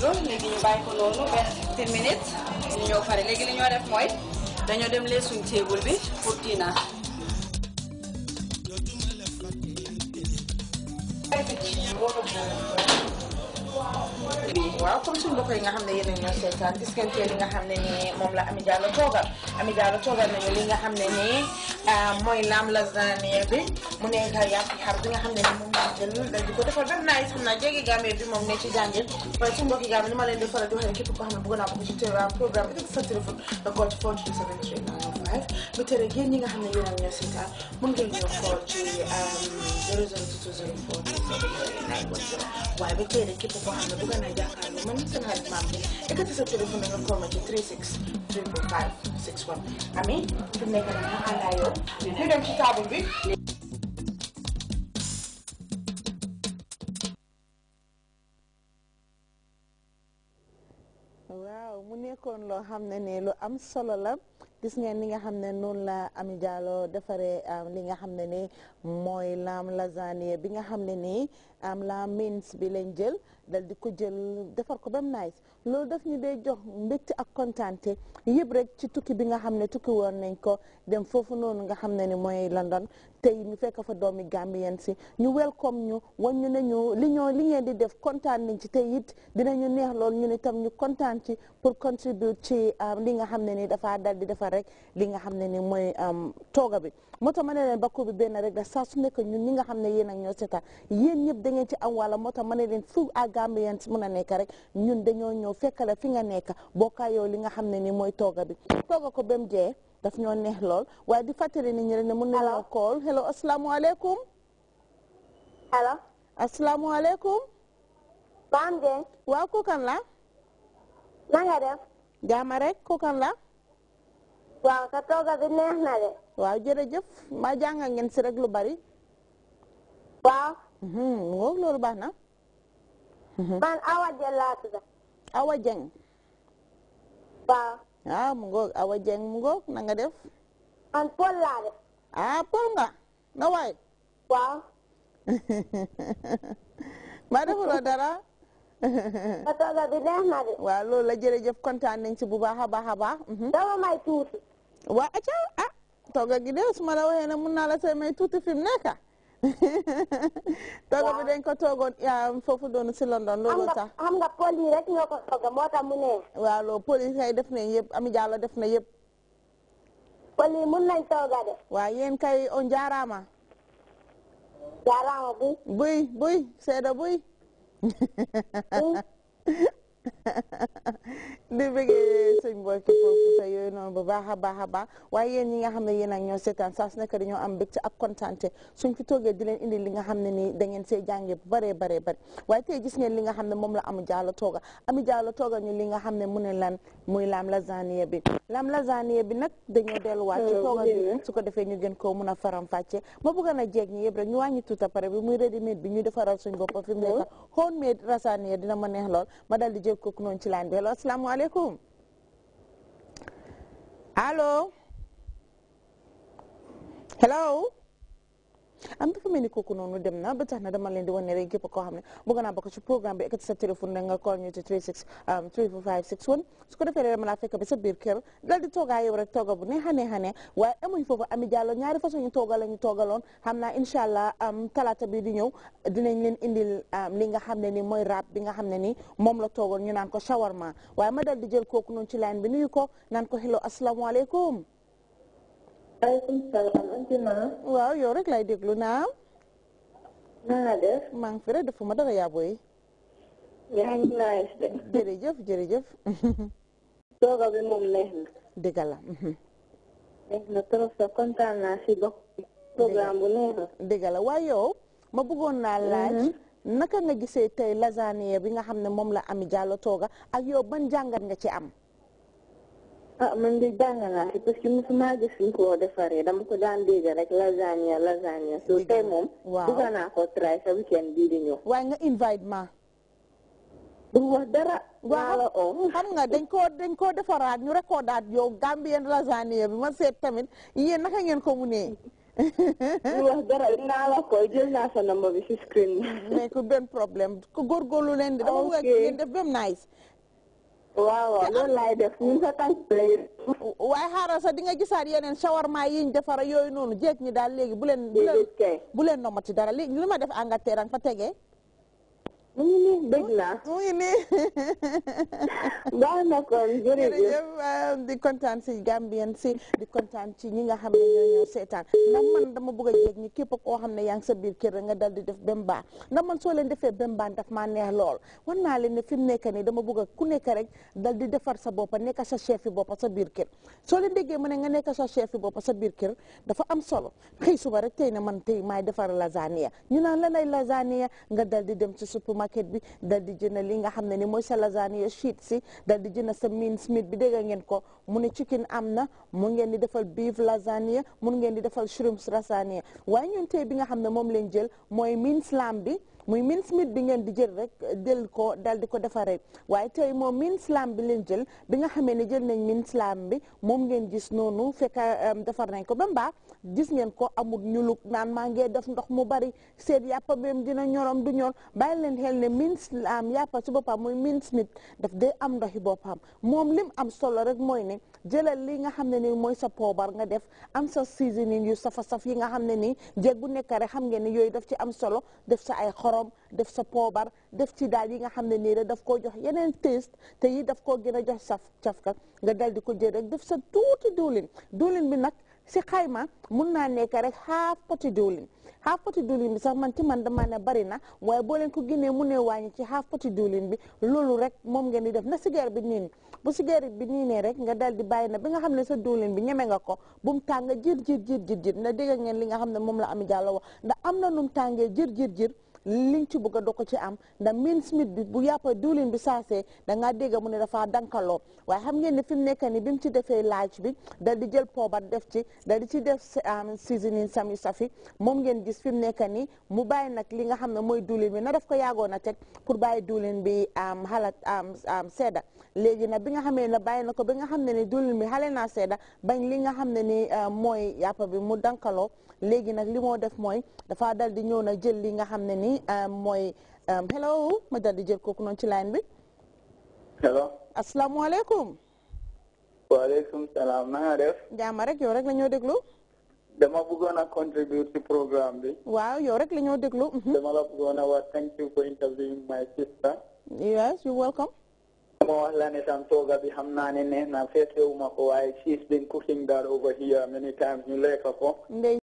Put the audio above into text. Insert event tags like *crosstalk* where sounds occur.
ko léegi ñu bàyyi ko noonu vingt minutes ñu léegi li ñoo def mooy dañoo dem lee suñ table bi pour dina waaw comme suñu mbokk yi nga xam ne yéen a ñoo seetaan gis ngeen li nga xam ne nii moom la Ami Diallo toogal Ami Diallo toogal nañu li nga xam ne nii mooy laam lasagne bi mu nekk yàpp xar bi nga xam ni moom jël dal ko defal benn naaj xam naa jege bi moom ne ci jàngeen waaye ci mbokki Gambie ni ma leen di faral di waxee képp koo xam ne bëgg ko ci teewaat programme bi sa téléphone nga call ci 427 395 bu tere génn ñi nga xam ne yéen a ngi seetaan mën ngeen ñoo call ci 00204 waaye ba tey de képp koo xam ne bëgg naa man seen xarit maam bi ekkati sa téléphone nga call ma ci 36 345 61 ami nekk nag ma àndaa waaw mu nekkoon loo xam ne ne lu am solo la gis ngeen li nga xam ne noonu la Ami Diallo defaree li nga xam ne ni mooy laam lasagne bi nga xam ne nii am la mins bi lañ jël. dal di ko jël defar ko ba mu nice loolu daf ñu dee jox mbégte ak kontaante yëpp rek ci tukki bi nga xam ne tukki woon nañ ko dem foofu noonu nga xam ne ni mooy London tey ñu fekk fa doomi Gambien si ñu welcome ñu won ñu ne ñu li ñoo li ngeen di def kontaan nañ ci tey it dinañu neex lool ñu ne tam ñu kontaan ci pour contribute ci euh, li nga xam ne ni dafaa dal di defar rek li nga xam ne ni mooy euh, tooga bi moo tax ma ne leen bakku bi benn rek da saa su nekk ñun ñi nga xam ne yéen ak ñoo seetaan Gambians mun a nekk rek ñun dañoo ñëw fekkale fi nga nekk bokkaa yow li nga xam ne ni mooy tooga bi tooga ko ba mu daf ñoo neex lool waaye di fàttali nit ñi ne mun na la kool hello asalaamaaleykum hello asalaamaaleykum baam jeen waaw ku kan la na nga def jaama kan la waaw ka tooga bi neex na de waaw jërëjëf maa jànga ngeen si rek lu bari waaw mhm, ngoog loolu baax na man mhm. Awa Dieng laa tudd. Awa Dieng. waaw. ah mu ngoog Awa Dieng mu ngoog na def. man Paul laa def. ah Paul nga na waay. waaw. *laughs* maa defuloo dara. *laughs* otoga bi neex na de. waaw loolu la jërëjëf kontaan nañ ci bu baax a baax a baax. Mhm. dama may tuuti. waa acca ah toga gi de su ma la waxee ne mun naa la see may tuuti fi mu *laughs* tooga bi dañ ko toogoon foofu doonu si London loolu tax nga police rek ñoo ko tooga mu ne waaw loolu police kay def nañ yëpp Ami Jallow def na yëpp police mun nañ tooga de waaw yéen kay on jaaraama jaaraama buy buy buy buy *laughs* di bëggee sëñ boy ki foofu sa yooyu noonu bu baax a baax a baax waaye yéen ñi nga xam ne yéen ak ñoo seetaan saa su dañoo am mbégte ak kontaante suñ fi toogee di leen indi li nga xam ne nii da ngeen see jàngee bu baree baree bari waaye tey gis ngeen li nga xam ne moom la amu jaalo tooga am jaalo tooga ñu li nga xam ne mu ne lan muy laam lasagne bi lam la lasagne bi nag dañoo delluwaat ci ah, tooga bi su ko defee ñu gën koo mun a faram fàcce ma bëggoon a jeeg ñi yëpp rek ñu wàññi tuuta pare bi muy ready made bi ñu defaral suñ bopp fi mu nekk homemade dina ma neex lool jël kooku noonu ci laan delloo allo hello am dafa mel ni kooku noonu dem na ba tax na dama leen di wane rek képp koo xam ne bëgg naa bokk ci programme bi ekati sa téléphone da nga call ñu ci 36 345 61 su ko defee rek dama laa fekk bi sa biir kër dal di toogaa yow rek tooga bu neex a neex a neex waaye ami jàllo ñaari façon ñu tooga la ñu toogaloon xam naa incha allah um, talaata bi di ñëw dinañ leen indil um, li nga xam ne ni mooy rap bi nga xam ne ni moom la toogoon ñu naan ko shawarma waaye ma dal di jël kooku noonu ci line bi nuyu ko naan ko hello asalaamaaleykum maaleykum salaam waaw yow rek lay déglu naam. na nga def. maa fi rek defuma dara yaa booy. yaa ngi nice de. jërëjëf jërëjëf. *laughs* tooga bi moom neex na. dëgg la. neex kontaan na. dëgg la waaye yow ma bëggoon naa laaj. Mhm. naka nga gisee tey lasagne bi nga xam ne moom la Ami Jallow tooga ak yow ban jàngat nga ci am. ah man de jàng naa si parce que mosuma gis ñu ko defaree dama ko daan dégg rek lasagne lasagne so tey moom. waaw bëgg naa ko try sa weekend bii di ñëw. waaye nga invite du wax dara. waaw xam nga dañ koo dañ koo defaraat ñu recordaat yow Gambien lasagne bi ma seet tamit yéen naka ngeen ko munee. du *laughs* wax dara naa la koy jël naa sa number bi si screen. mais ku benn problème ku góorgóorlu leen de. dama bëgg ngeen def bem nice. waaw waaw loolu laay def ñun sa tànk waaye xaaral sax di nga gisaat yeneen shawarma yiñ defara yooyu noonu jeeg ñi daal léegi bu leen bu leen nomati dara li li ma def Angleterre danga fa tegee mu ngi nii bëgg naa mu ngi nii baax na kon euh, di kontaan si Gambien si di kontaan ci ñi nga xam ne ñoo ñëw seetaan man dama bëgg a jéeg ni képp koo xam ne yaa ngi sa biir kër nga dal di def benn baax ndax man soo leen defee benn baax daf maa neex lool wan naa leen ne fi mu nekk nii dama bëgg a ku nekk rek dal defar sa boppa nekk sa chef yi sa biir kër soo leen déggee mu ne nga nekk sa chef yi sa biir kër dafa am solo xëy suba rek tey ne man tey maay defar lasagne ñu naan lanay lasagne nga dal dem ci supermarché market bi dal di li nga xam ne ni mooy sa lasagne sheet si dal di jënd sa mean smith bi dégg ngeen ko mu ne chicken am na mun ngeen di defal beef lasagne mun ngeen di defal shrimps lasagne waaye ñun tey bi nga xam ne moom lañ jël mooy mean lamb bi muy min smith bi ngeen di jël rek jël ko dal di ko defaree waaye tey moom min slam bi leen jël bi nga xamee ne jël nañ min slam bi moom ngeen gis noonu fekk euh, defar nañ ko ba mbaa gis ngeen ko amul ñuluk naan maa ngee def ndox mu bari seet yàppa beem dina ñorom du ñor bàyyi leen xel ne min slam yàppa si boppam muy min smith daf dee am ndoxi boppam moom lim am solo rek mooy ne jëlal li nga xamne ni moy sa pobar nga def am sa seasoning yu safa saf yi nga xamne ni jeeg bu nekk rek xam ngeen ni yoy daf ci am solo def sa ay xorom def sa pobar def ci daal yi nga xamne ni nii daf ko jox yenen taste te yi daf ko gëna jox saf cafka nga dal di ko jël rek def sa tuuti diwlin diwlin bi nak si xayma mun naa nekk rek half poti diwlin half poti diwlin bi sax man ci man dama ne bari na waaye boo leen ko génnee mu ne wàññi ci half poti diwlin bi loolu rek moom ngeen di def na sigaar bi niin bu sigaar bi niinee rek nga dal di bàyyi na bi nga xam ne sa diwlin bi ñeme nga ko bu mu tàng jër jër jër jër na dégg ngeen li nga xam ne moom la Ami Jallow wax ndax am na nu mu tàngee jër jër jër liñ ci bëgg a ko ci am ndax min smith bi bu yàppa diwlin bi saasee da ngaa dégg mu ne dafa dankaloo waaye xam ngeen ne fi mu nekk ni bi mu ci defee laaj bi dal di jël poobar def ci dal di ci def um, seasoning sami safi moom ngeen gis fi mu nekk ni mu bàyyi nag li nga xam ne mooy diwlin bi na daf ko yaagoon a teg pour bàyyi diwlin bi um, xala um, sedda léegi nag bi nga xamee ne bàyyi na ko bi nga xam ne ni diwlin bi xale naa sedda bañ li nga xam ne ni uh, mooy yàppa bi mu dankaloo léegi nag li def mooy dafa na li nga xam ne ni mi um, um, hello ma dal di jël kooku noonu ci line bi. hello. asalaamualeykum. waaleykum salaam na nga def. jaama rek yow rek la ñoo déglu. dama bëggoon a contribute ci programme bi. waaw yow rek la ñoo déglu. Mhm. dama la bëggoon a thank you for interviewing my sister. yes you welcome. dama wax la ne tam tooga bi xam naa ne neex na feesewuma ko waaye she's been cooking that over here many times ñu lekk ko.